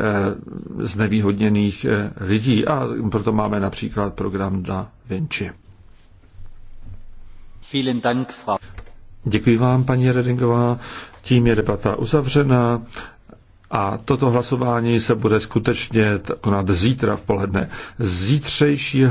Eh, znevýhodněných eh, lidí a proto máme například program Da Vinci. Děkuji vám, paní Redingová. Tím je debata uzavřena a toto hlasování se bude skutečně konat zítra v poledne. Zítřejší